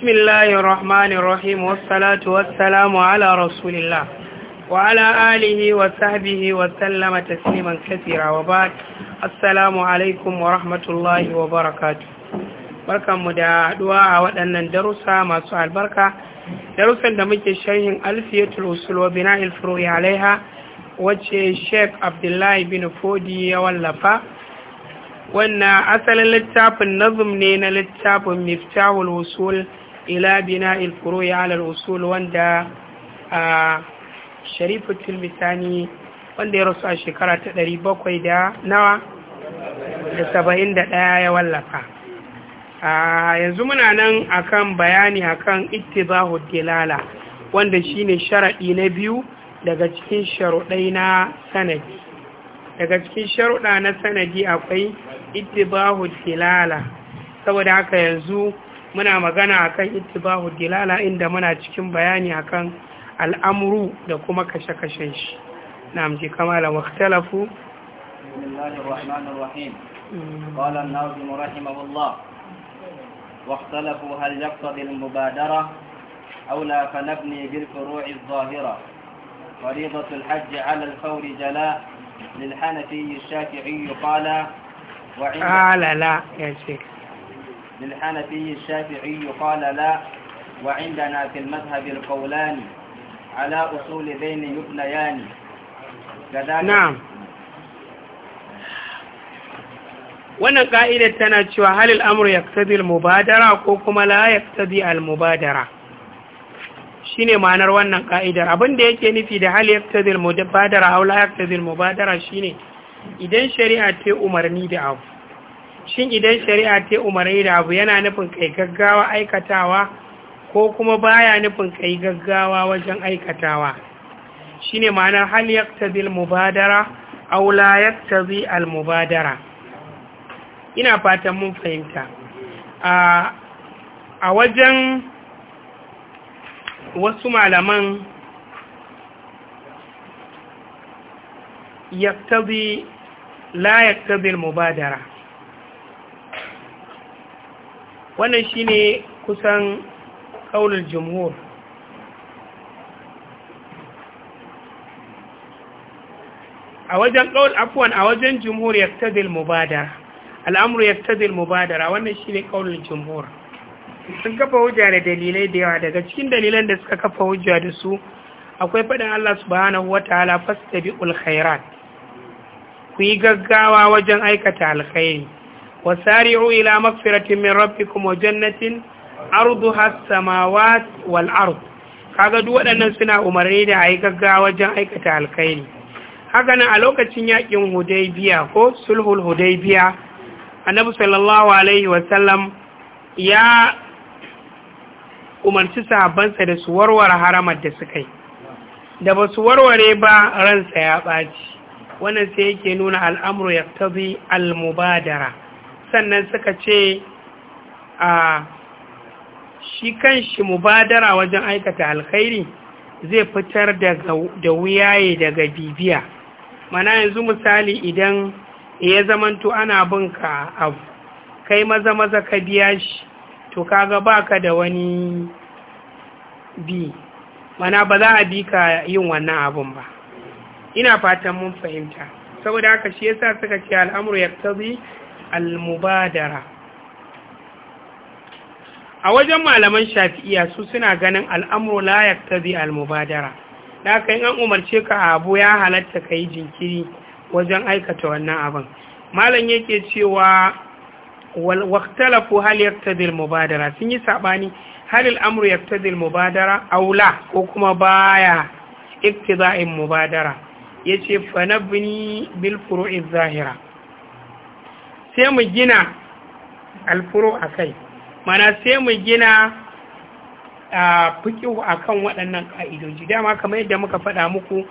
بسم الله الرحمن الرحيم والصلاة والسلام على رسول الله وعلى آله وصحبه وسلم تسليما كثيرا وبعد السلام عليكم ورحمة الله وبركاته da haɗuwa a waɗannan darussa masu albarka darussan da muke sharhin alfiyatul usul wa bina'il furu'i alaiha wacce Sheikh Abdullahi bin Fodi ya wallafa wannan asalin littafin nazum ne na littafin Miftahul Usul ila bina ilfuro ala usul wanda a sharifu tilmitani wanda ya rasu a shekara ta ɗari bakwai da nawa da saba'in da ɗaya ya wallafa a yanzu muna nan akan bayani akan ittibahu dilala wanda shine sharaɗi na biyu daga cikin sharuɗai na sanadi daga cikin sharuɗa na sanadi akwai ittibahu dilala saboda haka yanzu muna magana akan kan ittibahu dilala inda muna cikin bayani akan al'amuru da kuma kashe-kashen shi na amji kama da makitalafu واختلفوا هل يقتضي المبادرة أو لا للحنفي الشافعي قال لا وعندنا في المذهب القولان على أصول بين يبنيان كذلك نعم wannan ka'idar tana cewa halil amur ya tadi mubadara ko kuma la ya tadi al-mubadara shi ne ma'anar wannan ka'idar abinda yake nufi da hal ya tadi al-mubadara hau la ya tadi al-mubadara shi ne idan shari'a ta umarni da abu shin idan shari'a ta umarni da abu yana nufin kai gaggawa aikatawa ko kuma baya nufin kai gaggawa wajen aikatawa shine ma'anar hal yaqtadil mubadara aw la yaqtadi al mubadara ina fatan mun fahimta a a wajen wasu malaman yaqtadi la yaqtadi mubadara wannan shi ne kusan kaunar jamhur a wajen kaul afuwan a wajen jumhur yaktadil mubadara al'amru mubadar a wannan shi ne kaunar jamhur sun kafa hujja da dalilai da yawa daga cikin dalilan da suka kafa hujja da su akwai faɗin Allah subhanahu wataala bi ulkhairat ku yi gaggawa wajen aikata alkhairi وسارعوا إلى مغفرة من ربكم وجنة عرضها السماوات والأرض kaga duk waɗannan suna umarni da ayi gaggawa wajen aikata alkhairi haka nan a lokacin yakin hudaybiya ko sulhul hudaybiya annabi sallallahu alaihi wa sallam ya umarci sahabbansa da su warware haramar da suka yi da ba su warware ba ransa ya ɓaci wannan sai yake nuna al'amru yaqtabi al-mubadara sannan suka ce a shi kan shi mubadara wajen aikata alkhairi zai fitar da wuyaye daga bibiya mana yanzu misali idan ya zamanto ana bin ka abu kai maza maza ka biya shi to kaga baka da wani bi mana ba za a bi ka yin wannan abun ba ina fatan mun fahimta saboda haka shi yasa suka ce al'amuru tazi al-mubadara a wajen malaman shafi'iya su suna ganin al'amuru la yaktazi al-mubadara da yi an umarce ka abu ya halatta ka yi jinkiri wajen aikata wannan abin malam yake cewa waktalafu hal al-mubadara sun yi saɓani, hal al’amuru ya mubadara aula wula ko kuma baya iktiza'in mubadara yace fa nabni bil zahira sai mu gina alfuro a kai mana sai mu gina fikihu a kan waɗannan ƙa'idoji dama kamar yadda muka faɗa muku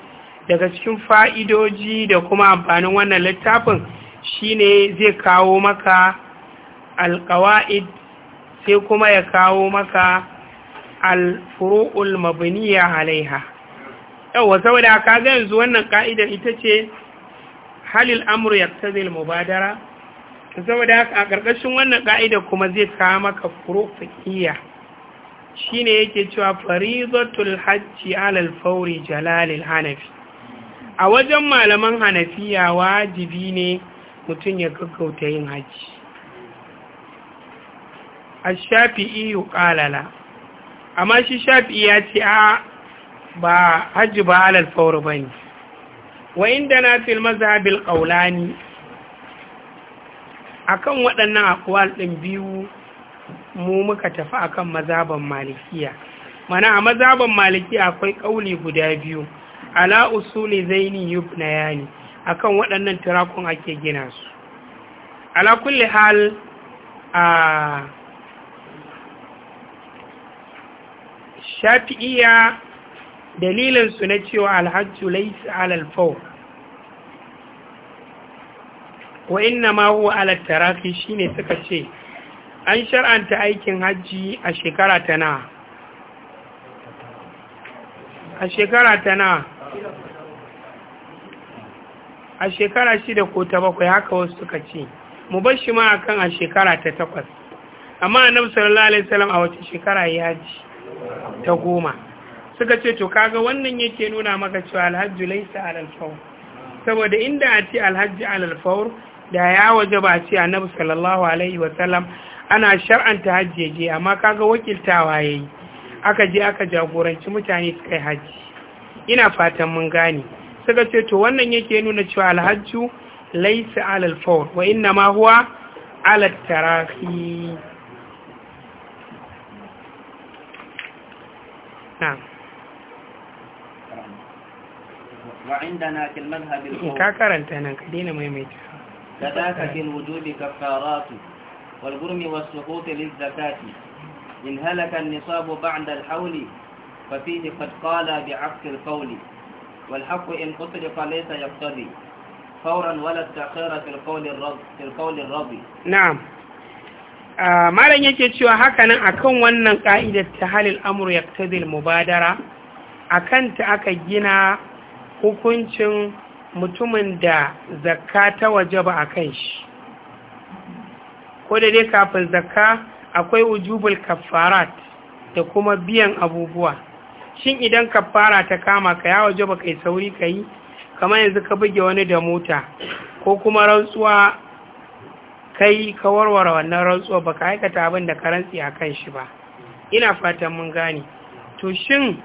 daga cikin fa'idoji da kuma amfanin wannan littafin shine zai kawo maka alƙawa'id sai kuma ya kawo maka alfuru'ul mabiniya alaiha yauwa saboda ka ga yanzu wannan ƙa'idar ita ce halil amur ya mubadara saboda haka a ƙarƙashin wannan ƙa'ida kuma zai kawo maka Shi ne yake cewa farizatul hajji alal fauri jalalil hanafi a wajen malaman hanafiya wajibi ne mutum ya gaggauta yin hajji a shafi'i ƙalala amma shi shafi'i ya ce a ba hajji ba alal fauri ba ne wa inda na fil bil ƙaulani akan waɗannan akwal ɗin biyu mu muka tafi akan mazaban malikiya mana a mazaban malikiya akwai ƙauli guda biyu ala usuli zaini yubna yani akan waɗannan turakun ake gina su ala kulli hal a shafi'iya dalilinsu na cewa alhajju laisa alal fawr wa inna ma huwa ala tarafi shine suka ce an shar'anta aikin hajji a shekara ta na a shekara ta na a shekara shida ko ta bakwai haka wasu suka ce mu bar shi ma akan a shekara ta takwas amma annabi sallallahu alaihi wasallam a wace shekara ya hajji ta goma suka ce to kaga wannan yake nuna maka cewa Alhaji laisa alal fawr saboda inda a ce Alhaji alal fawr da ya waje ba ce annabi sallallahu alaihi wasallam ana shar'anta hajji je amma kaga wakiltawa yayi aka je aka jagoranci mutane su kai hajji ina fatan mun gane suka ce to wannan yake nuna cewa alhajju laysa alal fawr wa inna ma huwa ala tarahi na'am وعندنا في المذهب الأول كاكرنت أنا كدينا ما كذاك في الوجوب كفارات والجرم والسقوط للزكاة إن هلك النصاب بعد الحول ففيه قد قال بعكس القول والحق إن أطلق ليس يقتضي فورا ولا التأخير في القول الرضي في القول الرضي نعم malam yake cewa hakanan akan wannan ka'idar ta halil amru yaqtadil mubadara akan ta aka gina hukuncin mutumin da zakka ta waje ba a kan shi ko da dai kafin zakka akwai ujubul kafarat da kuma biyan abubuwa shin idan kafara ta kama ka ya waje ba kai sauri ka yi kamar yanzu ka buge wani da mota ko kuma rantsuwa kai ka warware wannan rantsuwa ba ka aikata abin da ka a kan shi ba ina fatan mun gane to shin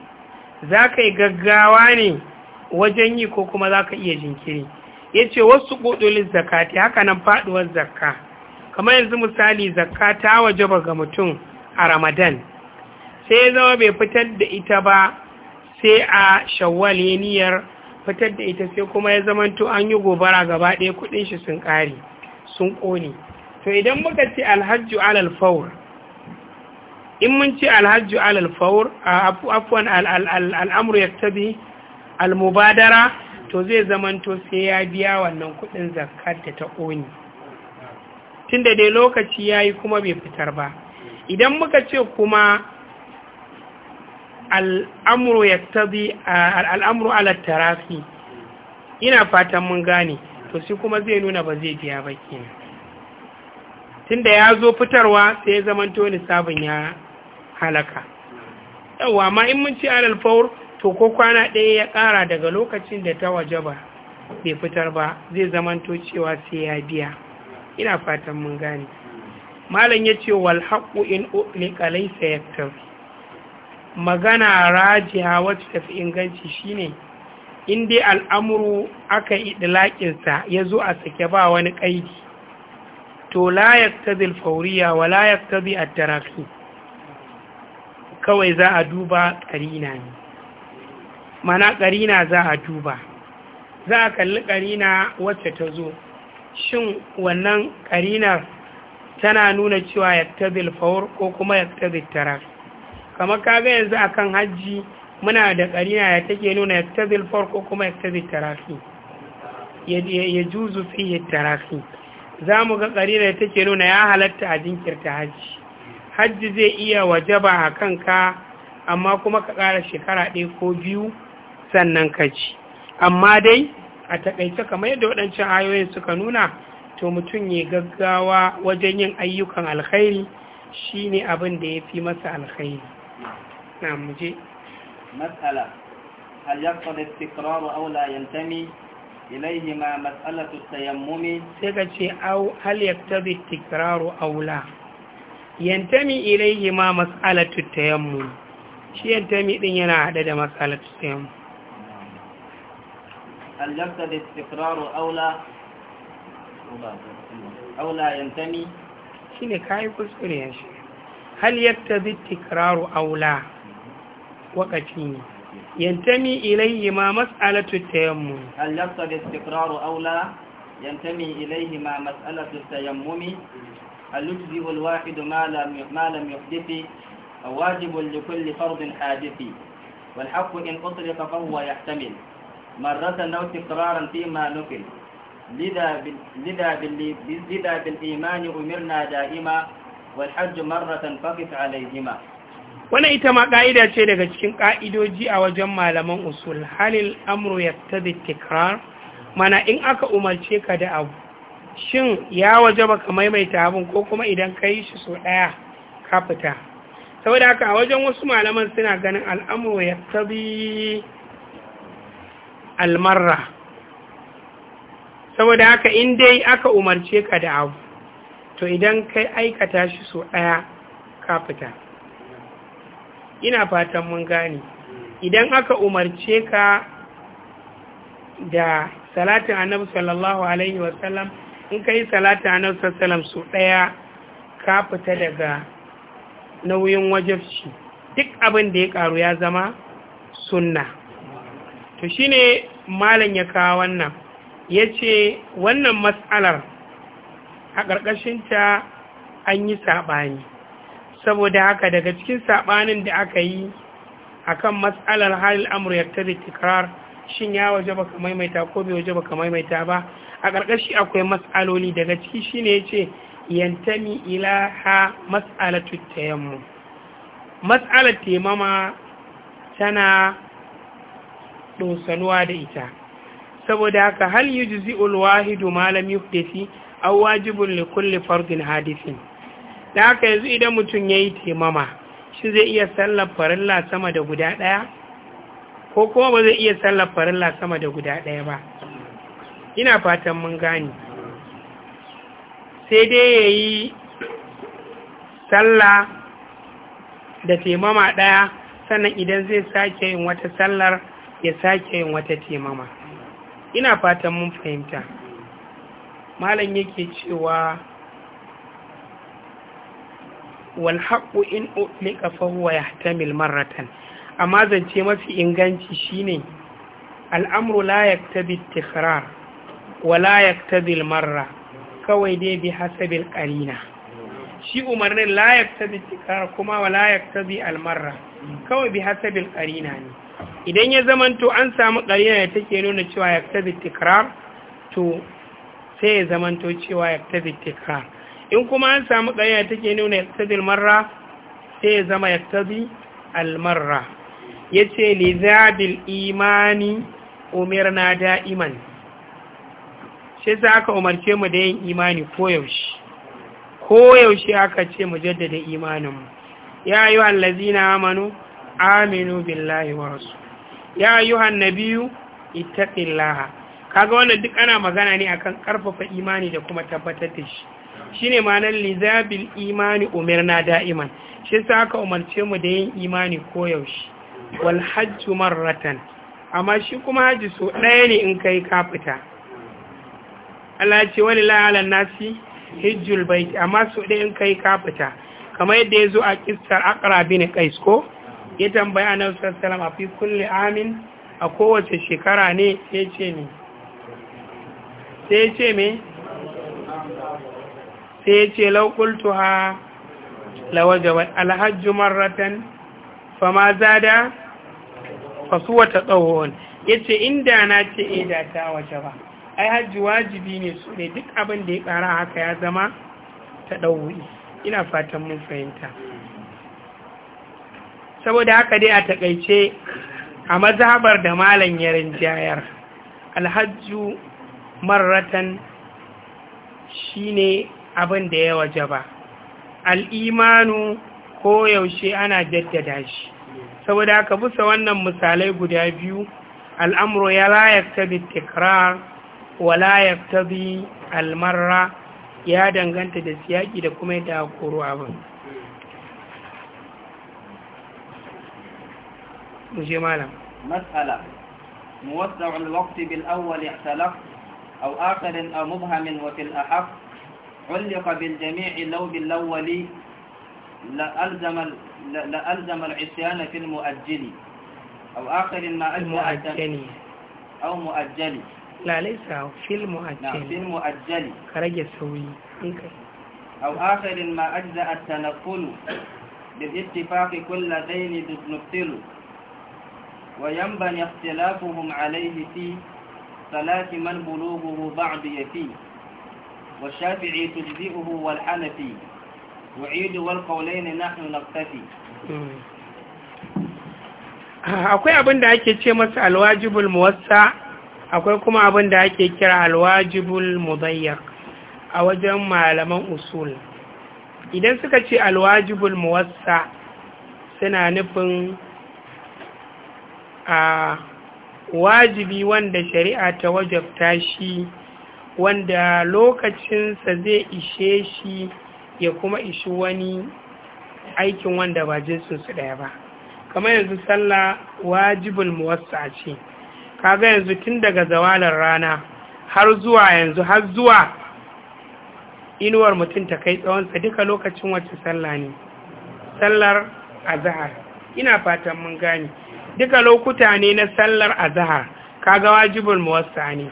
za ka yi gaggawa ne wajen yi ko kuma za ka iya jinkiri ya ce wasu ƙudulin zakati haka nan faɗuwar zakka kamar yanzu misali zakka ta waje ba ga mutum a ramadan sai ya zama bai fitar da ita ba sai a shawwal ya niyyar fitar da ita sai kuma ya zama zamanto an yi gobara gaba ɗaya kuɗin shi sun ƙare sun ƙone to idan muka ce Alhaji alal fawr in mun ce alhaji alal afuwan afwan al'amru yaktabi almubadara to zai zamanto sai ya biya wannan kudin zakar da ta ƙoni tunda dai lokaci ya yi kuma bai fitar ba idan muka ce kuma al'amuru ya tabi al'amuru alattarafi ina fatan mun gane to shi kuma zai nuna ba zai biya ba kenan tunda ya zo fitarwa sai ya zamanto sabon ya halaka yawa ma in mun ci alal fawar to ko kwana ɗaya ya ƙara daga lokacin da ta waje ba bai fitar ba zai zamanto cewa sai ya biya ina fatan mun gane malam ya ce wal haqqu in utlika laysa magana rajiha wacce tafi inganci shine in dai al'amuru aka yi idlaƙin sa zo a sake ba wani kaidi to la yaktadi fawriya wa la yaktadi at-taraqi kawai za a duba karina ne mana ƙarina za a duba za a kalli ƙarina wacce ta zo shin wannan ƙarinar tana nuna cewa ya tabil faur ko kuma ya tabil tara kamar kaga yanzu akan hajji muna da ƙarina ya take nuna ya tabil faur ko kuma ya tabil tarafi ya juzu fi ya tarafi za mu ga ƙarina ya take nuna ya halatta a jinkirta hajji hajji zai iya wajaba a kanka amma kuma ka ƙara shekara ɗaya ko biyu sannan ka ci amma dai a taƙaice kamar yadda waɗancan ayoyin suka nuna to mutum ya gaggawa wajen yin ayyukan alkhairi shi ne abin da ya fi masa alkhairi na muje matsala hal yaqtad istikrar Aula la yantami ilayhi ma mas'alatu tayammum sai ka ce aw hal yaqtad Aula. aw la yantami ilayhi ma mas'alatu tayammum shi yantami din yana hada da mas'alatu tayammum هل يقتضي استقرار أولى أولى ينتمي shine kayi kuskure ya shi hal yaktabi tikraru aula wakati ne yantami ilayhi ma mas'alatu tayammum hal yaktabi tikraru aula yantami ilayhi ma mas'alatu هل يجزي الواحد ما لم ما لم يحدث واجب لكل فرض حادث والحق إن أطلق فهو يحتمل مرة أو تكرارا فيما نقل لذا لذا بالإيمان أمرنا دائما والحج مرة فقف عليهما wannan ita ma ƙa'ida ce daga cikin ƙa'idoji a wajen malaman usul halin amru ya ta tikrar mana in aka umarce ka da abu shin ya waje baka maimaita abin ko kuma idan ka yi shi so ɗaya ka fita saboda haka a wajen wasu malaman suna ganin al'amuru ya ta tabi almarra saboda haka in dai aka umarce ka da abu to idan kai aikata shi so ɗaya ka fita ina fatan mun gane idan aka umarce ka da salatin annabi sallallahu alaihi wasallam in kai salatin annabi sallallahu so ɗaya ka fita daga nauyin wajabci duk abin da ya karu ya zama sunna to ne malam ya kawo wannan ya ce wannan matsalar a ƙarƙashinta an yi saɓani saboda haka daga cikin saɓanin da aka yi a kan matsalar halin amurya ta tabi tikirar shin ya waje ba ka maimaita ko bai waje ba ka maimaita ba a ƙarƙashi akwai matsaloli daga ciki shi ne ya ce yantami ila ha matsalatu matsalar temama tana dosanuwa da ita saboda haka hal yujzi'ul wahidu ma lam yuhdisi aw wajibun li kulli fardin hadisin da haka yanzu idan mutum yayi taimama shi zai iya sallar farilla sama da guda daya ko kuma ba zai iya sallar farilla sama da guda daya ba ina fatan mun gani sai dai yayi sallah da taimama ɗaya sannan idan zai sake yin wata sallar ya sake yin wata taimama ina fatan mun fahimta malam yake cewa wal haqqu in utlika fa huwa yahtamil marratan amma zance mafi inganci shine al'amru la yaktabi tikrar wa la yaktabi marra kawai dai bi hasabil qarina shi umarnin la yaktabi tikrar kuma wa la yaktabi al marra kawai bi hasabil qarina ne idan ya to an samu ƙarina da take nuna cewa ya tabi tikrar to sai ya to cewa ya tabi tikrar in kuma an samu ƙarina da take nuna ya tabi marra sai ya zama ya tabi almarra ya ce lizabil imani na da'iman shi sa aka umarce mu da yin imani koyaushe koyaushe aka ce mu jaddada imaninmu ya yi wa na amanu aminu billahi wa rasu ya ayyuhan nabiyyu ittaqillaha kaga wannan duk ana magana ne akan karfafa imani da kuma tabbatar da shi shine manan lizabil imani umirna da'iman shi yasa aka umarce mu da yin imani koyaushe wal hajj marratan amma shi kuma haji so ɗaya ne in kai ka fita Allah ce wani la'alan nasi hijjul bait amma so ɗaya in kai ka fita kamar yadda ya zo a kissar aqra bin qais ko ya tambaya na sassalam a fi kulle amin a kowace shekara ne ya ce ne sai ya ce me sai ya ce laukultu ha lawajabar alhajju marratan fama zada fasu ta tsohon ya ce inda na ce eh, da ta waje ba ai hajji wajibi ne su ne duk abin da ya kara haka ya zama ta ɗauwi ina fatan mun fahimta saboda haka dai a takaice a mazhabar da malam ya rinjayar alhajju marratan shine abin da ya waje ba, al'imanu ko yaushe ana jaddada shi saboda haka bisa wannan misalai guda biyu al'amuru ya layakta bi tikrar wa ta bi almarra ya danganta da siyaki da kuma yadda koro abin مسألة موسع الوقت بالأول اختلف أو آخر أو مبهم وفي الأحق علق بالجميع لو بالأول لألزم, لألزم العصيان في المؤجل أو آخر ما المؤجل أو مؤجل لا ليس في المؤجل نعم في المؤجل خرج السوي أو آخر ما أجزأ التنقل بالاتفاق كل ذين نبطل وينبني اختلافهم عليه في ثلاث من بلوغه بعد يفي والشافعي تجزئه والحنفي وعيد والقولين نحن نقتفي akwai abin da ake ce masa alwajibul muwassa akwai kuma abin da ake kira alwajibul mudayyak a wajen malaman usul idan suka ce alwajibul muwassa suna nufin a wajibi wanda shari'a ta wajabta shi wanda lokacinsa zai ishe shi ya kuma ishi wani aikin wanda ba jinsinsu ɗaya ba kamar yanzu sallah wajibul muwassa ce kaga yanzu tun daga zawalar rana har zuwa yanzu har zuwa inuwar mutum ta kai tsawonsa duka lokacin wacce sallah ne sallar azahar ina fatan mun gane duka lokuta ne na sallar azhar kaga wajibul muwassani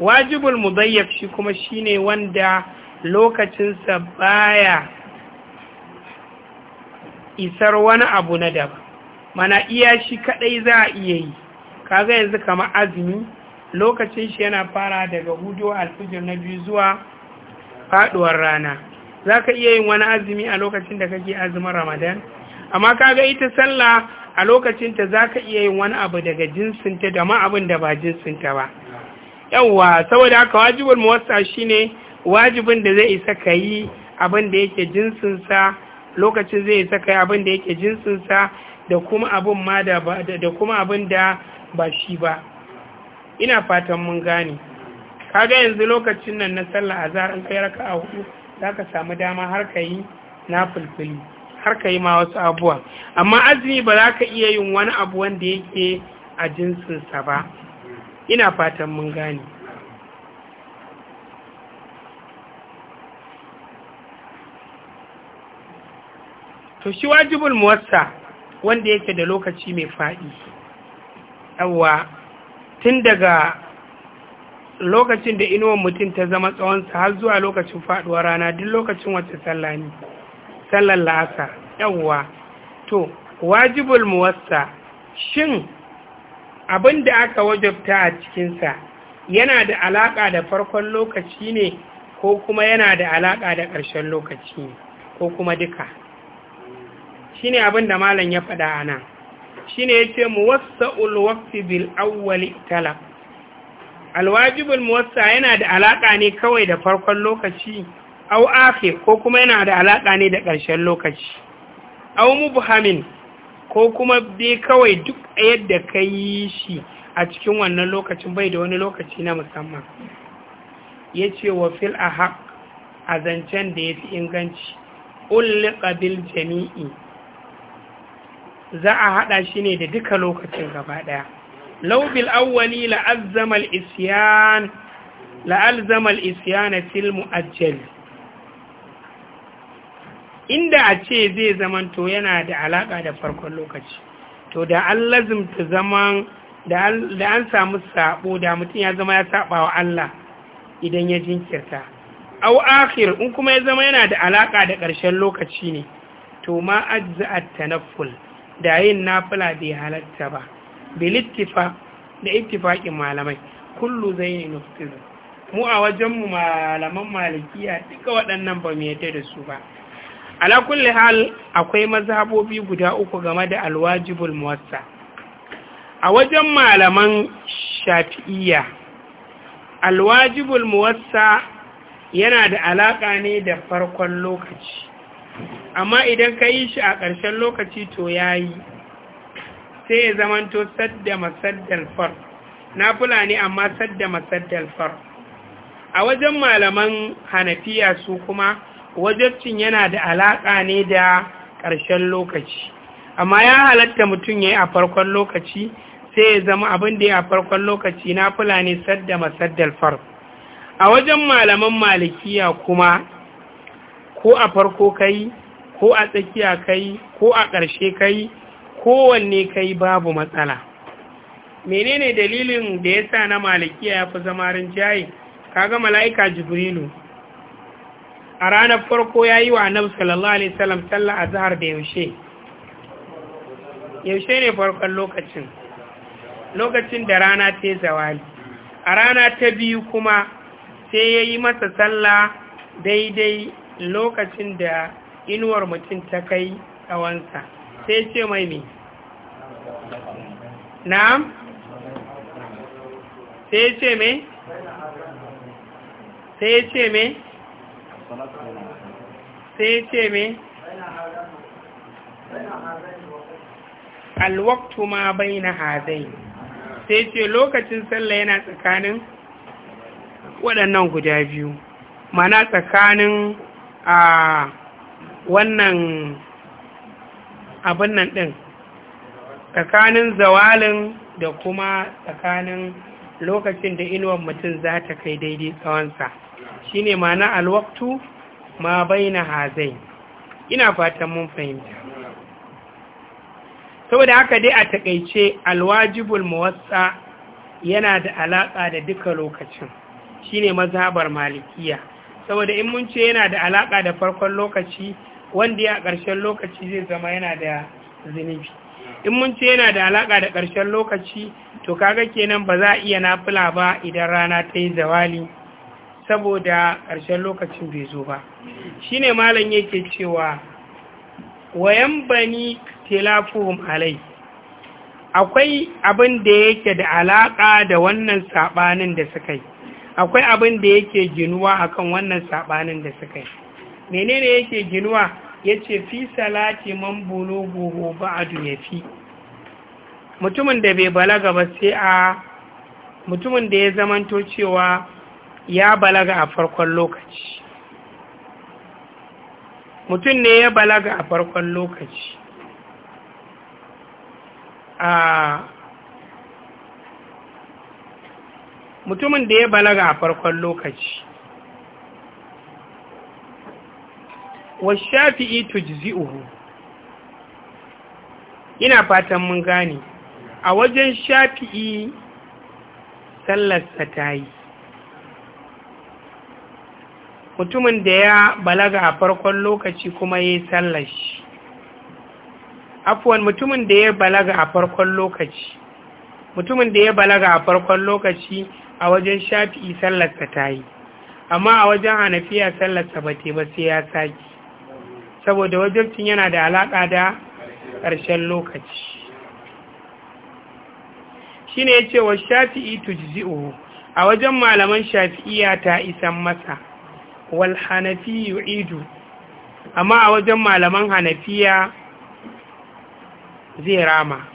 wajibul mudayyaf shi kuma shine wanda lokacinsa baya isar wani abu na daba. mana iya shi kadai za a iya yi kaga yanzu kamar azumi lokacin shi yana fara daga hudu alfijir na biyu zuwa faduwar rana za ka iya yin wani azumi a lokacin da kake azumin ramadan amma kaga ita sallah a lokacinta za ka iya yin wani abu daga jinsinta da ma abin da ba jinsinta ba yawwa saboda haka wajibin muwassa ne, wajibin da zai isa ka yi abin da yake jinsinsa lokacin zai isa ka yi abin da yake jinsinsa da kuma abin ma da da kuma abin da ba shi ba ina fatan mun gane kaga yanzu lokacin nan na sallah a in kai raka'a hudu zaka samu dama har ka yi na fulfuli har ka yi ma wasu abuwa amma azumi ba za ka iya yin wani abu wanda yake a jinsinsa ba ina fatan mun gane to shi wajibul muwassa wanda yake da lokaci mai faɗi yawwa tun daga lokacin da inuwar mutum ta zama tsawonsa har zuwa lokacin faduwar rana duk lokacin wacce sallah ne Sallan la'asar yawwa to wajibul muwassa shin abin da aka wajabta a cikinsa yana da alaƙa da farkon lokaci ne ko kuma yana da alaƙa da ƙarshen lokaci ne ko kuma duka shi ne abin da malam ya faɗa a nan shi ne ya ce muwassa ulwafi bil awwali talab alwajibul muwassa yana da alaƙa ne kawai da farkon lokaci au akhir ko kuma yana da alaƙa ne da ƙarshen lokaci au mubhamin ko kuma dai kawai duk yadda ka yi shi a cikin wannan lokacin bai da wani lokaci na musamman ya ce wa fil haƙ a zancen da ya fi inganci ulliqa bil jami'i za a haɗa shi ne da duka lokacin gaba ɗaya laubil awwali la'azzamal isyan la'alzamal isyan fil mu'ajjal inda a ce zai to yana da alaƙa da farkon lokaci to da an lazimta zaman da an samu sabo da mutum ya zama ya saba wa Allah idan ya jinkirta au akhir in kuma ya zama yana da alaka da ƙarshen lokaci ne to ma ajza at-tanafful da yin nafila bai halatta ba bil ittifa da ittifaqin malamai kullu zaini nuftiz mu a wajen mu malaman malikiya duka waɗannan ba mu yadda da su ba ala kulli hal akwai mazhabobi guda uku game da alwajibul muwassa a wajen malaman shafi'iyya alwajibul muwassa yana da alaƙa ne da farkon lokaci amma idan ka yi shi a ƙarshen lokaci to ya yi, sai ya zamanto sadda masaddal far fula ne amma sadda masaddal far a wajen malaman hanafiya su kuma wajabcin yana da alaƙa ne da ƙarshen lokaci amma ya halatta mutum ya yi a farkon lokaci sai ya zama abin da ya a farkon lokaci na fulani sadda masaddal far a wajen malaman malikiya kuma ko a farko kai ko a tsakiya kai ko a ƙarshe kai kowanne kai babu matsala menene dalilin da ya sa na malikiya ya fi zama rinjaye kaga mala'ika jibrilu a ranar farko ya yi wa annabi sallallahu alaihi wasallam sallah a zahar da yaushe yaushe ne farkon lokacin lokacin da rana ta zawali a rana ta biyu kuma sai ya yi masa sallah daidai lokacin da inuwar mutum ta kai tsawonsa sai ce mai mai na'am sai ce mai sai ce mai sai ce me alwaktu ma bai na hazai sai ce lokacin sallah yana tsakanin waɗannan guda biyu mana tsakanin a wannan abin nan ɗin tsakanin zawalin da kuma tsakanin lokacin da inuwan mutum za ta kai daidai tsawonsa shine ma'ana alwaktu ma baina hazai ina fatan mun fahimta saboda haka dai a takaice alwajibul muwassa yana da alaka da duka lokacin shine mazhabar malikiya saboda in mun ce yana da alaka da farkon lokaci wanda ya ƙarshen lokaci zai zama yana da zunubi in mun ce yana da alaka da ƙarshen lokaci to kaga kenan ba za a iya nafila ba idan rana ta yi zawali saboda ƙarshen lokacin bai zo ba shine malam yake cewa wayan bani telafuhun alai akwai abin da yake da alaƙa da wannan saɓanin da suka yi akwai abin da yake ginuwa akan wannan saɓanin da suka yi menene yake ginuwa ya ce fi salati man bulogoho ba'adu ya fi mutumin da bai balaga ba sai a mutumin da ya zamanto cewa ya balaga a farkon lokaci mutum ne ya balaga a farkon lokaci a mutumin da ya balaga a farkon lokaci shafi'i tujzi'uhu ina fatan mun gane a wajen shafi'i sallarsa ta yi mutumin da ya balaga a farkon lokaci kuma ya yi sallar shi afuwan mutumin da ya balaga a farkon lokaci mutumin da ya balaga a farkon lokaci a wajen shafi'i sallarsa ta yi amma a wajen hanafiya sallarsa ba ba sai ya sake, saboda wajen yana da alaƙa da ƙarshen lokaci shi ne ya ce wa shafi'i tujzi'u a wajen malaman shafi'iya ta isan masa wal hanafi yu'idu amma a wajen malaman hanafiya zai rama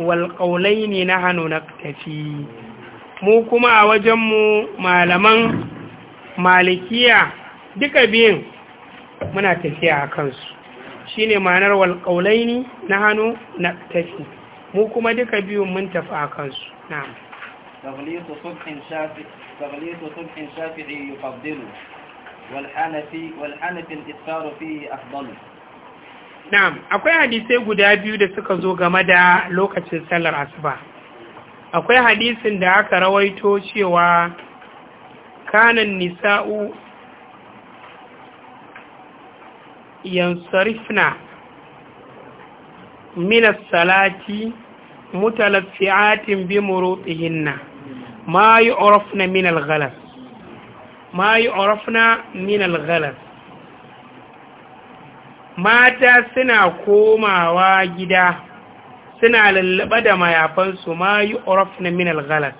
wal qaulaini nahnu naktafi mu kuma a wajenmu malaman malikiya duka biyun muna tafiya a kansu shine ma'anar wal qaulaini nahnu naktafi mu kuma duka biyun mun tafi a kansu na'am تغليط صبح شافعي يفضله والحنفي والحنفي الإكثار فيه أفضل نعم akwai hadisai guda biyu da suka zo game da lokacin sallar asuba akwai hadisin da aka rawaito cewa kanan nisa'u yansarifna min as-salati mutalaffi'atin bi murutihinna ma yu'rafna min al-ghalas ma yi orofna minal galas mata suna komawa gida suna lallaba da mayafansu ma yi orofna minal galas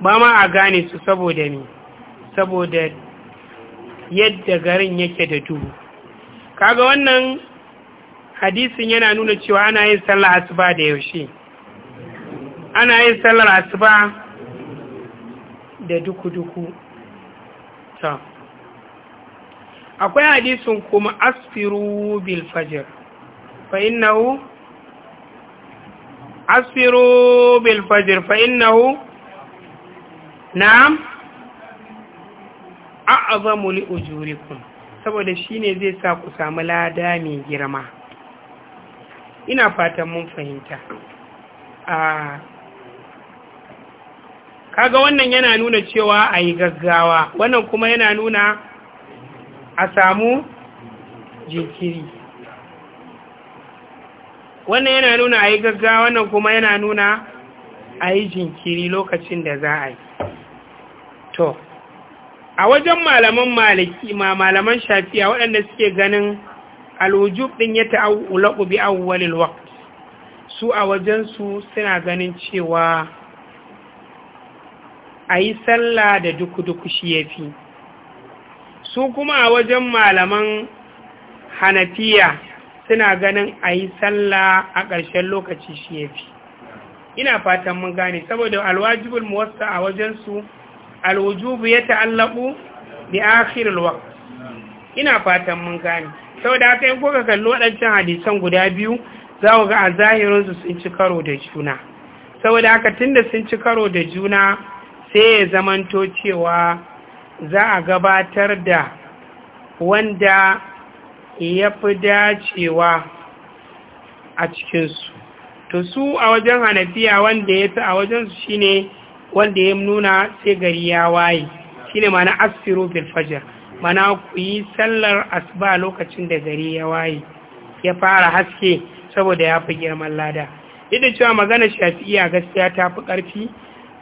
ba ma a gane su saboda ni saboda yadda garin yake da duhu kaga wannan hadisin yana nuna cewa ana yin sallar asuba da yaushe ana yin sallar asuba da duku-duku ta akwai hadisin kuma asfiru bil fajr fa innahu asfiru bil fajr fa innahu na'am a'zamu li ujurikum saboda shine zai sa ku samu lada mai girma ina fatan mun fahimta a ah, kaga wannan yana nuna cewa a yi gaggawa wannan kuma yana nuna a samu jinkiri wannan yana nuna a yi gaggawa wannan kuma yana nuna a yi jinkiri lokacin da za a yi to a wajen malaman maliki ma malaman shafiya waɗanda suke ganin alwujub ɗin ya ta'ulaƙu bi awwalil waqt su a wajensu suna ganin cewa a yi sallah da duku-duku shi ya fi su kuma a wajen malaman hanafiya suna ganin a yi sallah a ƙarshen lokaci shi ya fi ina fatan mun gane saboda alwajibul muwasta a wajensu alwujubu ya ta'allaku da akhir waqt ina fatan mun gane saboda haka in kuka kalli waɗancan hadisan guda biyu za ku ga a zahirinsu sun ci karo da juna saboda haka tunda sun ci karo da juna sai ya zamanto cewa za a gabatar da wanda ya fi dacewa a cikinsu to su a wajen hanafiya wanda ya fi a wajensu shine wanda ya nuna sai gari ya waye shine mana asiru bilfajar, mana ku yi sallar asuba lokacin da gari ya waye ya fara haske saboda ya fi girman lada duk da cewa magana shafi iya gaskiya ta fi ƙarfi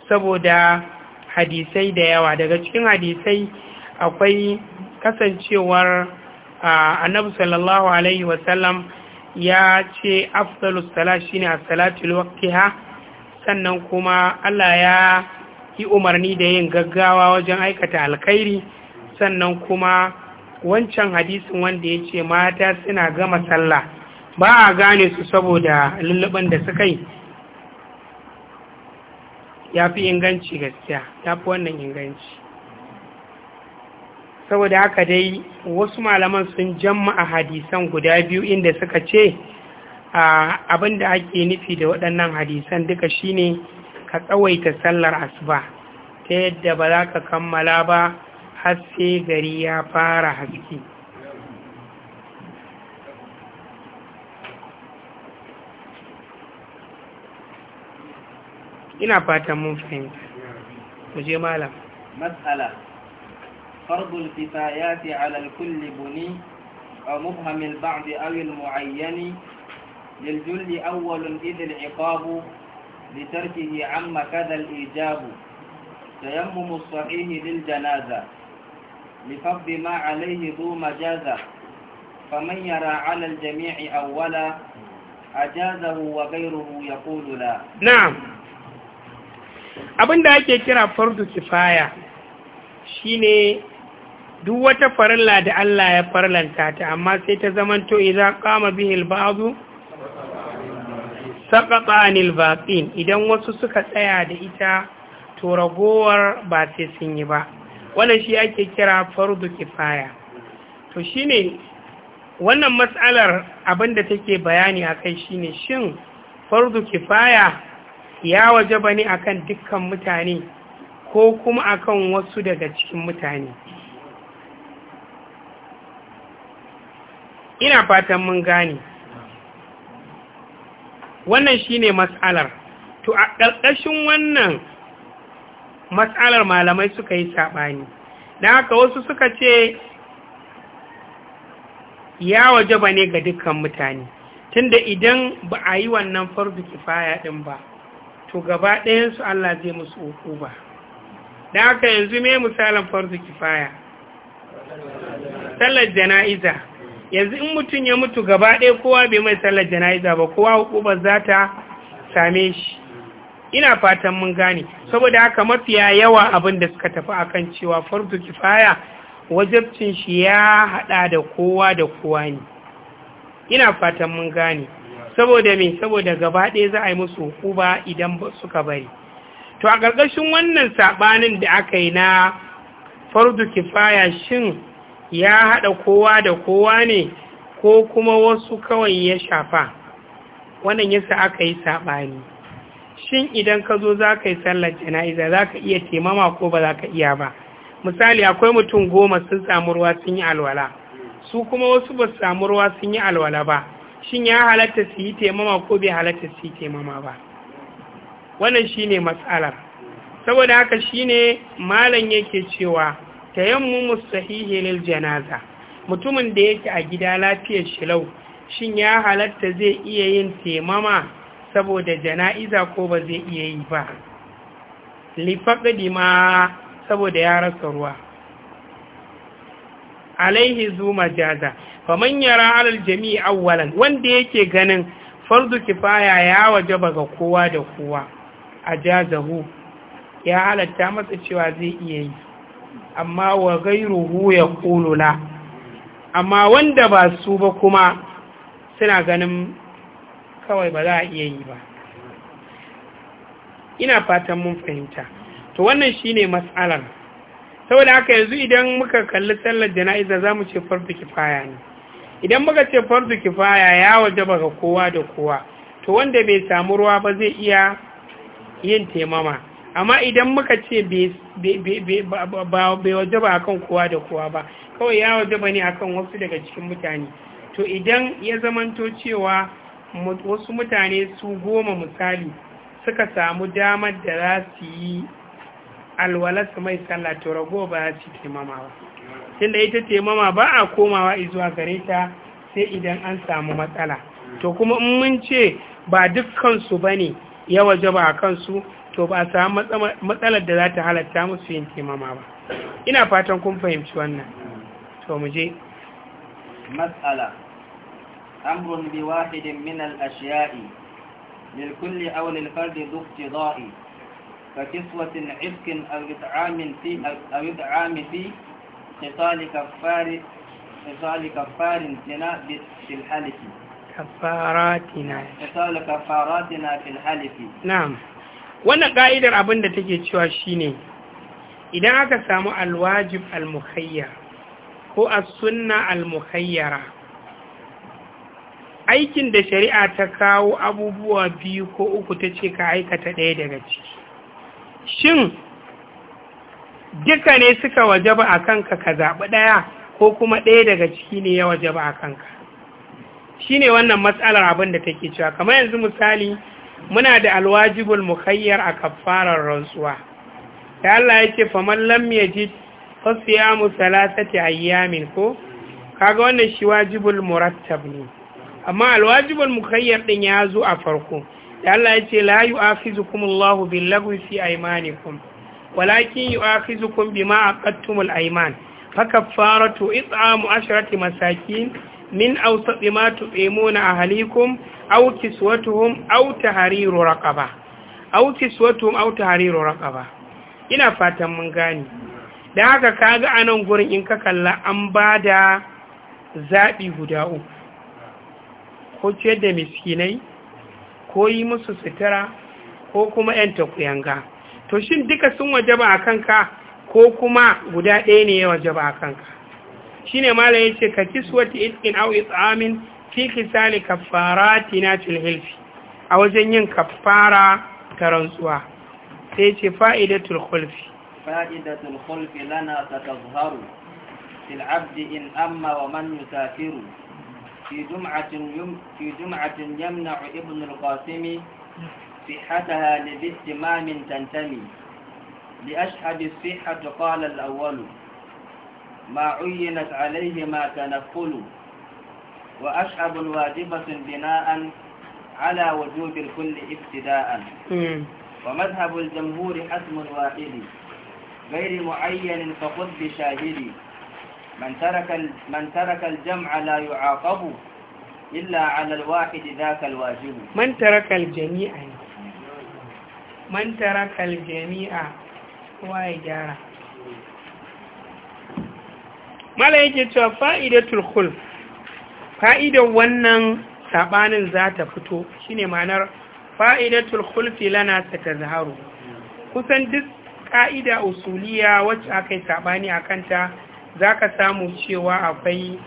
saboda hadisai da yawa daga cikin hadisai akwai kasancewar annabi sallallahu alaihi wasallam ya ce afdalus salat ne as-salatu waqtiha sannan kuma Allah ya yi umarni da yin gaggawa wajen aikata alkhairi sannan kuma wancan hadisin wanda ya ce mata suna gama sallah ba a gane su saboda lullubin da suka yi ya fi inganci gaskiya ya fi wannan inganci saboda haka dai wasu malaman sun jamma a hadisan guda biyu inda suka ce abin da ake nufi da waɗannan hadisan duka shine ka tsawaita sallar asuba ta yadda ba za ka kammala ba har sai gari ya fara haske ina fatan mun fahimta mu je malam mas'ala fardul kifayati ala kulli buni a mubham al ba'd mu'ayyani, lil'julli mu'ayyan idil julli litarkihi idh al iqab li tarkihi amma kadha al ijab tayammum lil janaza لفض ما عليه ذو مجازة فمن يرى على الجميع أولا أجازه وغيره يقول لا نعم Abin da ake kira fardu kifaya shine duk wata farilla da Allah ya farlanta ta amma sai ta zamanto idza qama bihil ba'du saqata anil baqin idan wasu suka tsaya da ita to ragowar ba sai sun yi ba wannan shi ake kira fardu kifaya to shine wannan matsalar abinda take bayani akai shine shin fardu kifaya ya waje bane akan dukkan mutane ko kuma akan wasu daga cikin mutane ina fatan mun gane wannan shine mas'alar to a ƙarƙashin wannan mas'alar malamai suka yi saɓani da haka wasu suka ce ya waje ba ne ga dukkan mutane tunda idan ba a yi wannan farzu kifaya ɗin ba to gaba ɗayansu Allah zai musu uku ba da haka yanzu mai misalin farzu kifaya sallar jana'iza yanzu in mutum ya mutu gaba ɗaya kowa bai mai sallar jana'iza ba kowa ba za ta same shi ina fatan mun gane saboda haka mafiya yawa abin da suka tafi a kan cewa farzu kifaya wajabcin shi ya haɗa da kowa da kowa ne ina fatan mun gane saboda mai saboda gaba ɗaya za a yi musu hukuba idan suka bari to a ƙarƙashin wannan saɓanin da aka yi na fardu kifaya shin ya haɗa kowa da kowa ne ko kuma wasu kawai ya shafa wannan yasa aka yi saɓani shin idan ka zo za ka yi sallar jana'iza za ka iya taimama ko ba za ka iya ba misali akwai mutum goma sun samu ruwa sun yi alwala su kuma wasu ba su samu ruwa sun yi alwala ba shin ya halatta su yi taimama ko bai halatta su yi taimama ba wannan shi ne matsalar saboda haka shi ne, malam yake cewa ta tayammumu sahihi lil janaza mutumin da yake a gida lafiyar shilau shin ya halatta zai iya yin taimama saboda jana'iza ko ba zai iya yi ba lifaƙadi ma saboda ya rasa ruwa alaihi zuma jaza faman yara alal jami'i awwalan wanda yake ganin fardu kifaya ya wajaba ga kowa da kowa a jazahu ya halatta masa cewa zai iya yi amma wa gairuhu ya kulula amma wanda ba su ba kuma suna ganin kawai ba za a iya yi ba ina fatan mun fahimta to wannan shine matsalar saboda haka yanzu idan muka kalli sallar jana'iza mu ce farfi kifaya ne idan muka ce farzu kifaya ya wajaba ga kowa da kowa to wanda bai samu ruwa ba zai iya yin taimama amma idan muka ce bai wajaba akan kowa da kowa ba kawai ya wajaba ne akan wasu daga cikin mutane to idan ya zamanto cewa wasu mutane su goma misali suka samu damar da za su yi alwalar su mai sallah to rago ba za su taimama ba da ita ce mama ba a komawa izuwa gare ta sai idan an samu matsala to kuma in mun ce ba dukkansu ba ne ya waje ba a kansu to ba a samu matsalar da za ta halatta musu yin taimama ba ina fatan kun fahimci wannan to mu je matsala amrun bi wahidin min al-ashiya'i lil kulli aw lil fardi dukti da'i ka kiswatin ifkin al it'amin fi al it'amin fi قتال كفار في wannan ka'idar abin da take cewa shine idan aka samu alwajib almukhayyar ko a sunna almukhayyara aikin da shari'a ta kawo abubuwa biyu ko uku ta ce ka aikata ɗaya daga ciki shin duka ne suka waje ba a kanka ka zaɓi ɗaya ko kuma ɗaya daga ciki ne ya waje ba a kanka shi ne wannan matsalar abin da take cewa kamar yanzu misali muna da alwajibul mukayyar a kafarar rantsuwa da Allah ya ce faman lam yajid fasiyamu salasati ayyamin ko kaga wannan shi wajibul murattab ne amma alwajibul mukayyar ɗin ya zo a farko da Allah ya ce la yu'afizukumullahu billagwi fi aymanikum walakin yu'akhizukum bima aqattumul ayman fakaffaratu it'amu asharati masakin min awsati ma tu'imuna ahlikum aw kiswatuhum aw tahriru raqaba aw kiswatuhum aw tahriru raqaba ina fatan mun gani dan haka kaga anan gurin in ka kalla an ba da zaɓi guda uku ko ciyar da miskinai ko yi musu sutura ko kuma 'yan takuyanga to shin duka sun waje ba a kanka ko kuma guda ɗaya ne ya waje ba a kanka shi ne mala ya ce ka wata itkin au itsamin fi kisali kafarati na tilhilfi a wajen yin kafara ta rantsuwa sai ce fa'ida khulfi Fa'ida khulfi lana ta tazharu fil abdi in amma wa man yusafiru fi jum'atin yamna'u ibn al-qasimi صحتها لباهتمام تنتمي لأشهد الصحة قال الأول ما عينت عليه ما تنفل وأشهب واجبة بناء على وجوب الكل ابتداء ومذهب الجمهور حسم واحد غير معين فخذ بشاهدي من ترك من ترك الجمع لا يعاقب إلا على الواحد ذاك الواجب من ترك الجميع man tarakal jami'a kowa ya gyara mala yake cewa fa'idatul khul fa'idar wannan sabanin za ta fito shine ma'anar fa'idatul khulfi ta zaharu. kusan duk ka'ida usuliya wacce aka yi saɓani a kanta za ka samu cewa akwai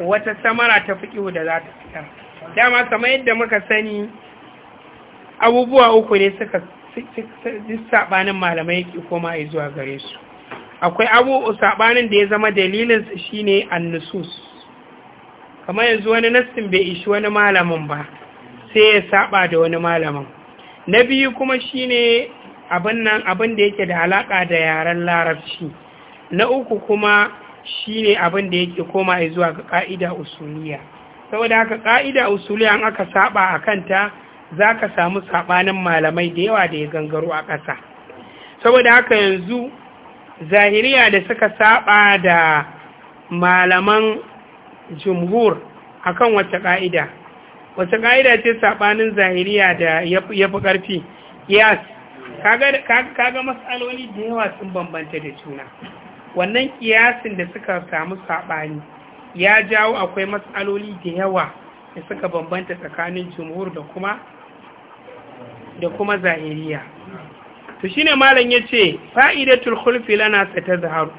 wata samara ta fiƙihu da za ta fitar dama kamar yadda muka sani abubuwa uku ne suka saɓanin malamai yake koma zuwa gare su akwai abu saɓanin da ya zama dalilin shine annusus kamar yanzu wani nassin bai ishi wani malamin ba sai ya saɓa da wani malamin na biyu kuma shine abinda abin nan abin da yake da alaƙa da yaren larabci na uku kuma shine abin da yake koma zuwa ga ƙa'ida usuliya saboda haka ƙa'ida usuliya an aka saɓa a kanta za ka samu saɓanin malamai da yawa da ya gangaro a ƙasa saboda haka yanzu zahiriya da suka saɓa da malaman jumhur akan wata ƙa'ida Wata ƙa'ida ce saɓanin zahiriya da ya fi ƙarfi yas kaga matsaloli da yawa sun bambanta da juna wannan kiyasin da suka samu saɓani ya jawo akwai matsaloli da yawa da suka bambanta tsakanin jumhur da kuma da kuma za'iriya to shine malam yace fa'idatul khulfi lana satazharu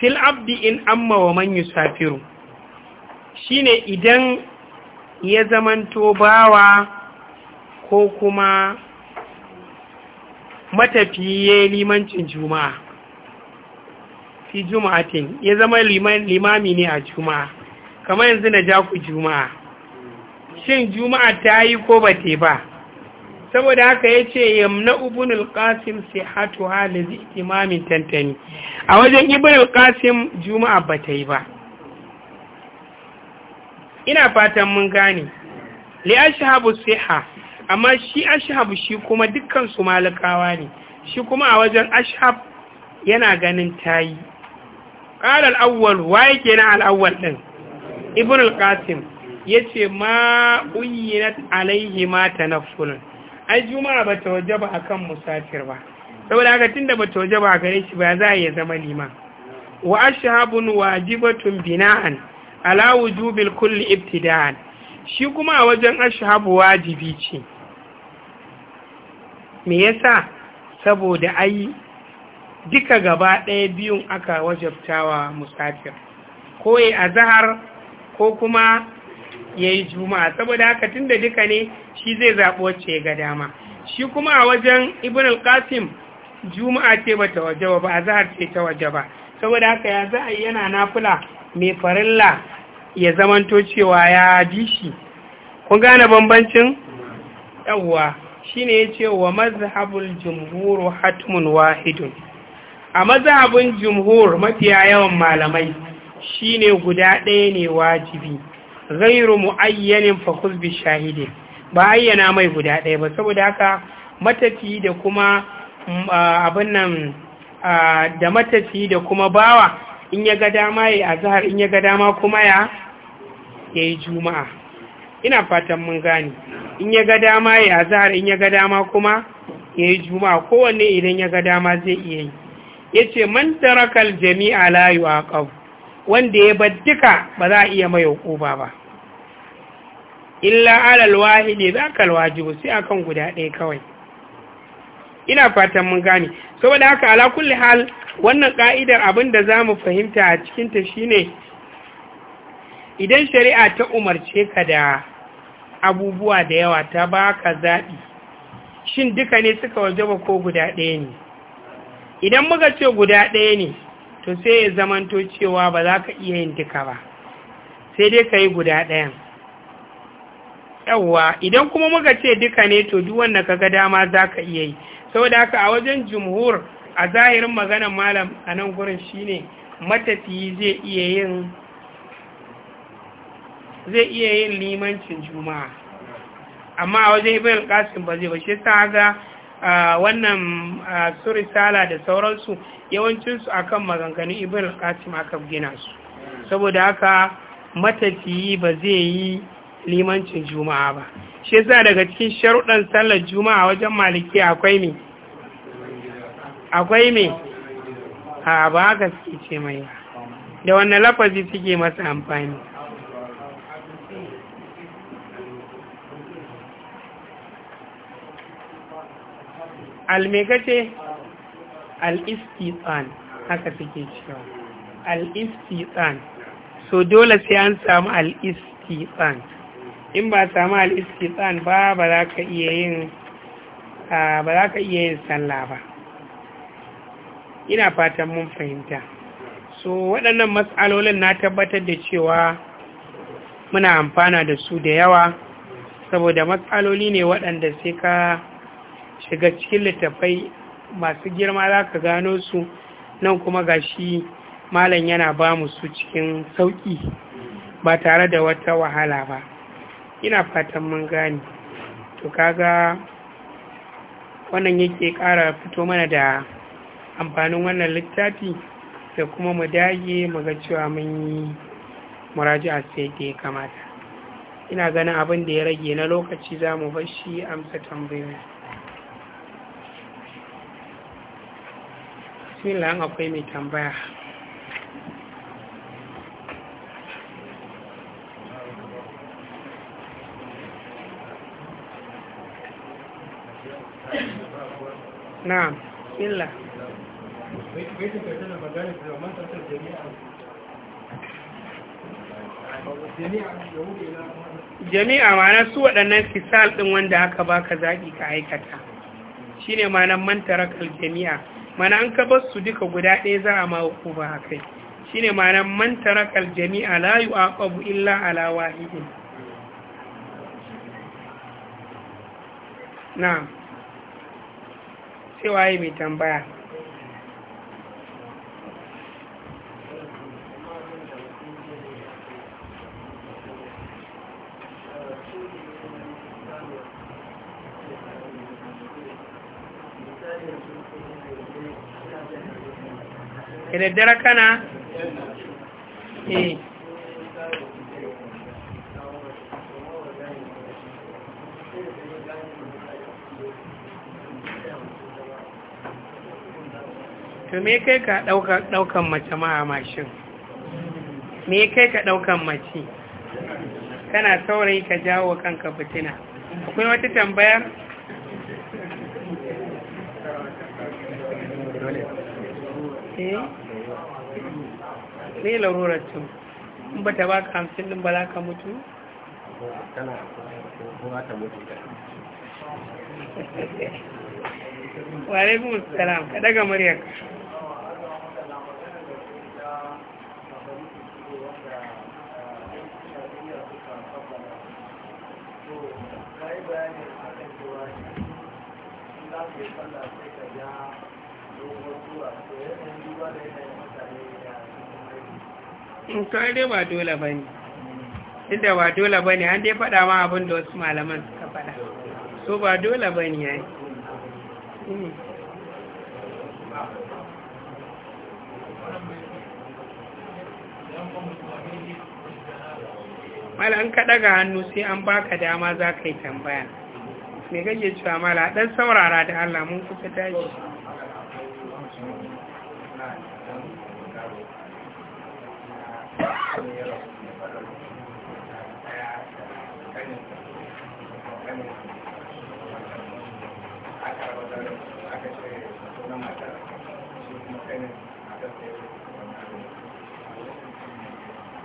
fil abdi in amma wa man yusafiru shine idan ya zamanto bawa ko kuma matafiye limancin juma'a fi juma'atin ya zama limami ne a juma'a kamar yanzu na ja ku juma'a shin juma'a ta yi ko ba te ba saboda haka ya ce yamna ibn al-qasim sihatu halazi imamin tantani a wajen ibn al-qasim juma'a bata yi ba ina fatan mun gane li ashhabu siha amma shi ashhabu shi kuma dukkan su malakawa ne shi kuma a wajen ashhab yana ganin tayi qala al-awwal wa yake na al ɗin? din ibn al-qasim yace ma uyyinat mata ma fulun ai juma'a bata ta waje ba akan musafir ba saboda haka tunda bata ta waje ba gare shi ba za a iya zama liman wa ashhabun wajibatun bina'an ala wujubil kulli ibtida'an shi kuma a wajen ashabu wajibi ce me yasa saboda ai duka gaba ɗaya biyun aka wajabtawa musafir ko a zahar ko kuma ya yi juma'a saboda haka tun da duka ne shi zai zaɓo wacce ga dama shi kuma a wajen ibn al-qasim juma'a ce ba ta waje ba a zahar ce ta waje ba saboda haka ya za a yi yana nafula mai farilla ya zamanto cewa ya bi shi kun gane bambancin yawwa shine ya ce wa mazhabul jumhur hatmun wahidun a mazhabin jumhur mafiya yawan malamai shine guda ɗaya ne wajibi ghairu muayyanin fa khudh bi shahidin ba ayyana mai guda ɗaya ba saboda haka matafi da kuma mm, abin nan da matafi da kuma bawa in ya ga dama ya azhar in ya ga dama kuma ya yayi juma'a ina fatan mun gane in ya ga dama ya azhar in ya ga dama kuma yayi juma'a kowanne idan ya ga dama zai iya yi yace man tarakal jami'a la yuqab wanda ya bar duka ba za a iya mai hukuma ba illa alal wahidi zakal wajibu sai akan guda ɗaya kawai ina fatan mun gane saboda haka ala kulli hal wannan ka'idar abin da zamu fahimta a cikin ta shine idan shari'a ta umarce ka da abubuwa da yawa ta baka zabi shin duka ne suka waje ba ko guda ɗaya ne idan muka ce guda ɗaya ne to sai ya zamanto cewa ba za ka iya yin duka ba sai dai ka yi guda ɗayan yawwa idan kuma muka ce duka ne to duk wanda kaga dama zaka iya yi saboda haka a wajen jumhur a zahirin maganar malam a nan gurin shine matafiyi zai iya yin zai iya yin limancin juma'a amma a wajen ibn al-qasim ba zai ba shi sa ga wannan su risala da sauransu yawancinsu akan maganganun ibn al-qasim aka gina su saboda haka matafiyi ba zai yi limancin juma'a ba shi yasa daga cikin sharuɗan sallar juma'a wajen maliki akwai me akwai me a ba haka suke ce mai da wannan lafazi suke masa amfani almekace al-istitsan haka suke cewa al-istitsan so dole sai an samu al-istitsan in ba samu al'istitsan ba ba iya yin ba za ka iya yin sallah ba ina fatan mun fahimta so waɗannan matsalolin na tabbatar da cewa muna amfana da su da yawa saboda matsaloli ne waɗanda sai ka shiga cikin littafai masu girma za ka gano su nan kuma gashi malam yana ba su cikin sauƙi ba tare da wata wahala ba ina fatan mun gane to kaga wannan yake ƙara fito mana da amfanin wannan littafi da kuma mu dage mu ga cewa mun yi a sai da ya kamata ina ganin abin da ya rage na lokaci za mu bar shi amsa tambayoyi bismillah akwai mai tambaya na'am illa jami'a ma'ana su waɗannan fisal ɗin wanda aka ka zaƙi ka aikata shi ne ma'anar mantarar jami'a mana an ka su duka guda ɗaya za a ma hukuma a kai shi ne ma'anar mantarar jami'a la yi aƙwabu illa ala wahidin na'am sai waye mai tambaya da kana? eh to me kai ka ɗaukan mace ma a mashin me kai ka ɗaukan mace kana saurayi ka jawo kanka fitina akwai wata tambayar ne eh? larurar tun in ba ta baka hamsin din ba za ka mutu? wa alaikum salam ka daga muryarka in dai ba dole ba ne inda ba dole ba ne an dai faɗa ma abin da wasu malaman suka faɗa so ba dole ba ne ya yi hmm. mala an kaɗa ga hannu sai an baka dama za ka yi tambaya ne kake cewa mala dan saurara da Allah mun kuka tashi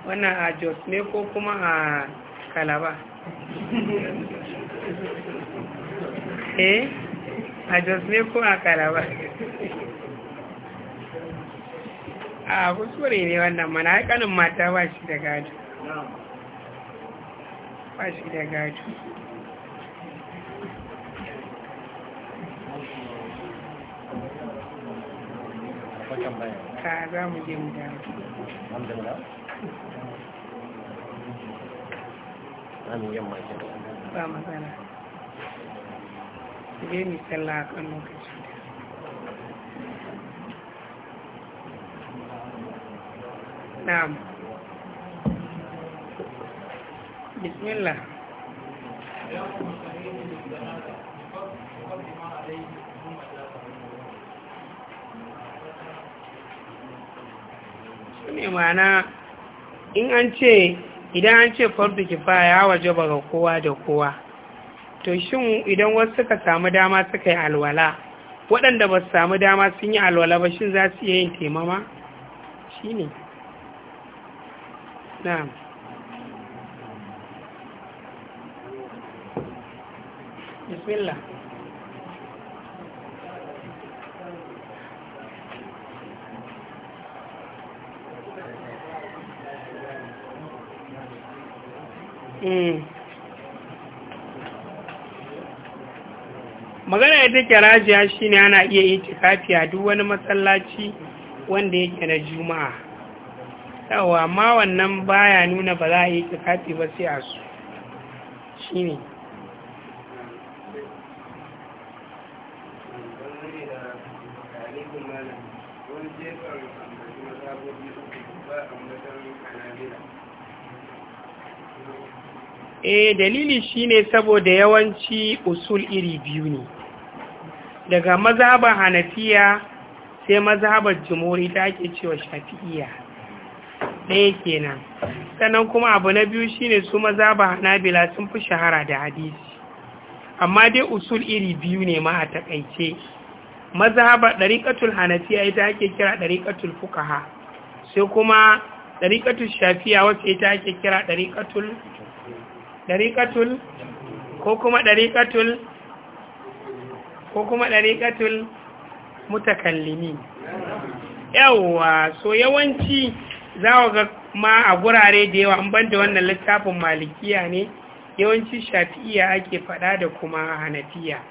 wannan a jos ne ko kuma a kalaba eh a jos ne ko a kalaba a kuskure ne wannan mana haikanin mata ba shi da gado ba shi da gado ka za mu je mu mana mu sallah kan lokaci na'am bismillah ne ma'ana in an ce idan an ce fardu kifaya ya waje ga kowa da kowa to shin idan wasu suka samu dama suka yi alwala waɗanda ba su samu dama sun yi alwala ba shi za su iya yin taimama shi ne na bismillah hmm. magana da take rajiya shine ana iya itikafi a duk wani masallaci wanda yake na juma'a yawa amma wannan baya nuna ba za a yi itikafi ba sai a su shine eh dalili shine saboda yawanci usul iri biyu ne daga mazhabar hanafiya sai mazhabar jimori ta ake cewa shafi'iya ɗaya kenan sannan kuma abu na biyu shine su mazhabar hanabila sun fi shahara da hadisi amma dai usul iri biyu ne ma a takaice mazhabar ɗariƙatul hanafiya ita ake kira ɗariƙatul fukaha sai kuma ɗariƙatul shafiya wacce ita ake kira ɗariƙatul ko kuma ɗariƙatul ko kuma ɗariƙatul mutakallimi yawwa so yawanci za ga ma a gurare da yawa an banda wannan littafin malikiya ne yawanci shafi'iya ake faɗa da kuma hanafiya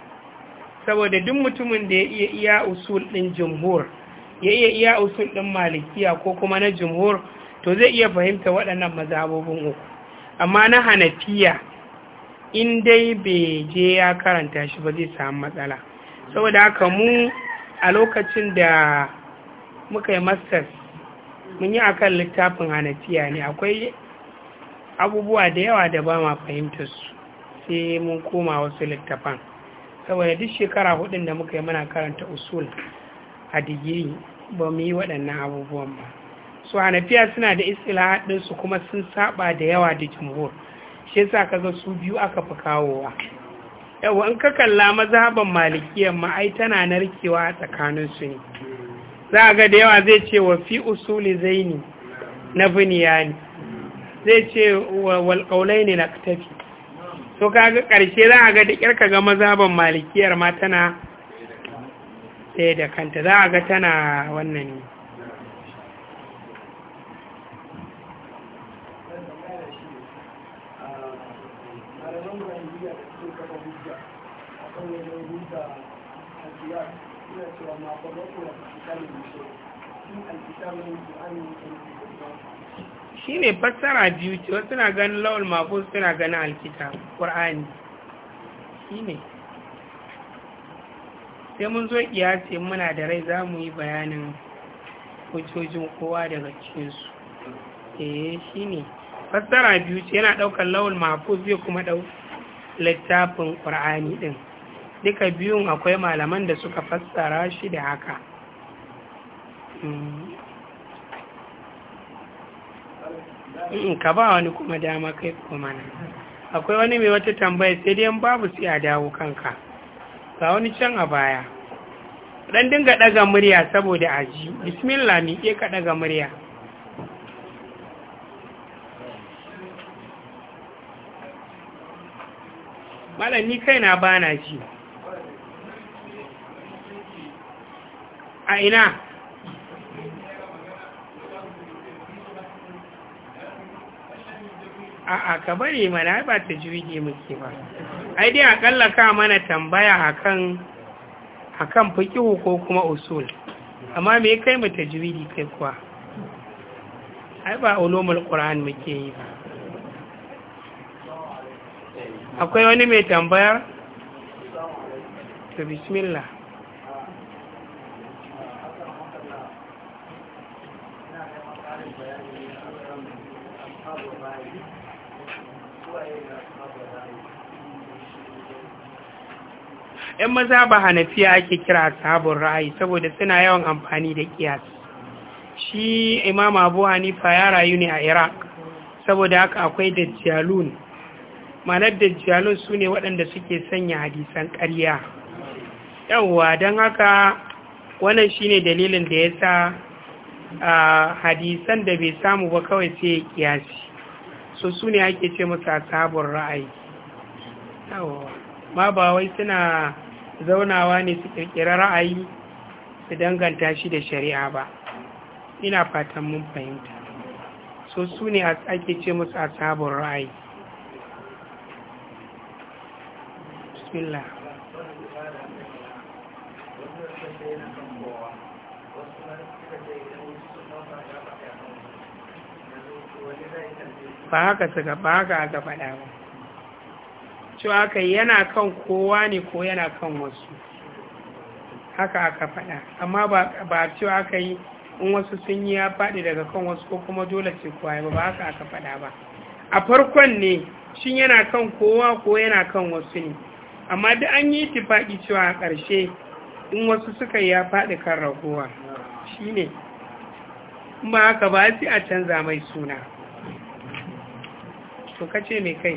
saboda duk mutumin da ya iya iya usul ɗin jumhur ya iya iya usul ɗin malikiya ko kuma na jumhur to zai iya fahimta waɗannan mazabobin uku amma na hanafiya in dai bai je ya karanta shi ba zai samu matsala saboda haka mu a lokacin da muka yi masters mun yi akan littafin hanafiya ne akwai abubuwa da yawa da ba ma fahimtar su sai mun koma wasu littafan saboda duk shekara hudun da muka yi muna karanta usul a digiri ba mu yi waɗannan abubuwan ba su hanafiya suna da istilahat haɗinsu kuma sun saba da yawa da jimhur shi ka ga su biyu aka fi kawowa yau an ka kalla mazhaban malikiyar ma'ai tana narkewa tsakanin su ne za a ga da yawa zai ce wa fi usuli zaini na ne zai ce walƙaulai ne na tafi so ga ƙarshe za a ga da ƙirka ga mazhaban malikiyar ma tana sai da kanta za a ga tana wannan ne shi ne fassara biyu ce wasu na ganin lawal mafus suna ganin alkita ƙwar'ani shi ne sai mun zo ƙiyasi muna da rai za mu yi bayanin hujjojin kowa daga cikinsu E, eh, shi ne fassara biyu ce yana ɗaukar lawal mafus zai kuma ɗau littafin ƙwar'ani ɗin duka biyun akwai malaman da suka fassara shi da haka hmm. Mm, ka ba wani kuma dama kai kuma nan akwai wani mai wata tambaya sai dai babu sai a dawo kanka ga wani can a baya dan dinga daga murya saboda aji bismillah ni ke ka daga murya malam ni kaina bana ji a ina a'a ka bari mana ba ta juyi muke ba ai dai akalla ka mana tambaya akan akan ko kuma usul amma me kai mu tajwidi kai kuwa ai ba ulumul qur'an muke yi ba akwai wani mai tambayar to bismillah ‘yan maza ba hanafiya ake kira sabon ra'ayi saboda suna yawan amfani da kiyas shi imam abu hanifa ya rayu ne a iraq saboda haka akwai dajjalun manar dajjalun su ne waɗanda suke sanya hadisan ƙarya yauwa don haka wannan shi ne dalilin da ya sa hadisan da bai samu ba kawai sai ya kiyasi so su ne ake ce musu sabon ra'ayi yawwa ma ba wai suna zaunawa ne su kirkira ra'ayi su danganta shi da shari'a ba ina fatan mun fahimta so su ne ake ce musu asabun ra'ayi ba haka su ba haka aka faɗa ba cewa aka yana kan kowa ne ko yana kan wasu haka aka faɗa amma ba cewa aka yi in wasu sun yi ya faɗi daga kan wasu ko kuma dole ce kowa ba ba haka aka faɗa ba a farkon ne shin yana kan kowa ko yana kan wasu ne amma da an yi tifaɗi cewa a ƙarshe in wasu suka yi ya faɗi kan ragowa shi ne ba haka ba ci a canza mai suna to kace mai kai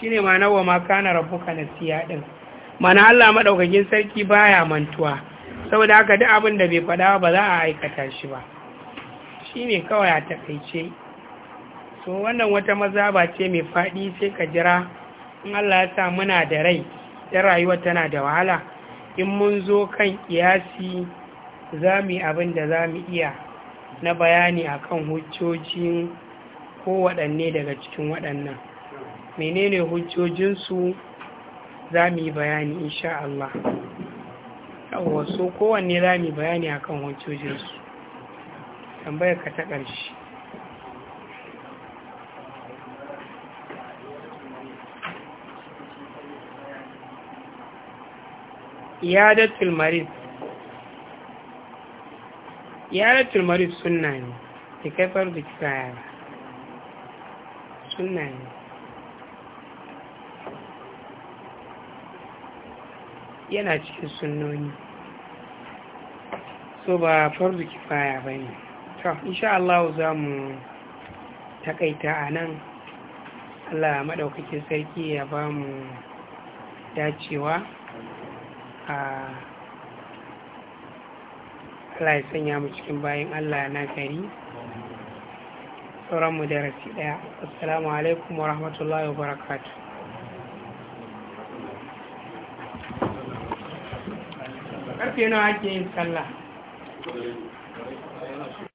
shine ma nawa ma kana na nasiya ɗin? mana Allah maɗaukakin sarki baya mantuwa saboda haka duk abin da bai faɗa ba za a aikata shi ba Shi ne kawai a takaice so wannan wata maza ba ce mai faɗi sai ka jira in Allah ya sa muna da rai ɗan rayuwa tana da wahala in mun zo kan kiyasi za mu yi abin da za mu iya na bayani akan hujjojin waɗanne daga cikin waɗannan menene hujjojinsu za mu yi bayani insha Allah yawon so kowanne za mu yi bayani akan hujjojinsu tambayar ka ta ƙarshe iyadatul marid iyadatul sunna ne da kaifar da kisa yara sunna ne yana cikin sunnoni so ba farzu kifaya ba ne to Allah za mu takaita a nan Allah maɗaukakin sarki ya ba mu dacewa a Allah ya sanya mu cikin bayan Allah na gari sauranmu mu darasi ɗaya assalamu alaikum wa rahmatullahi wa barakatuh karfe nawa ake yin sallah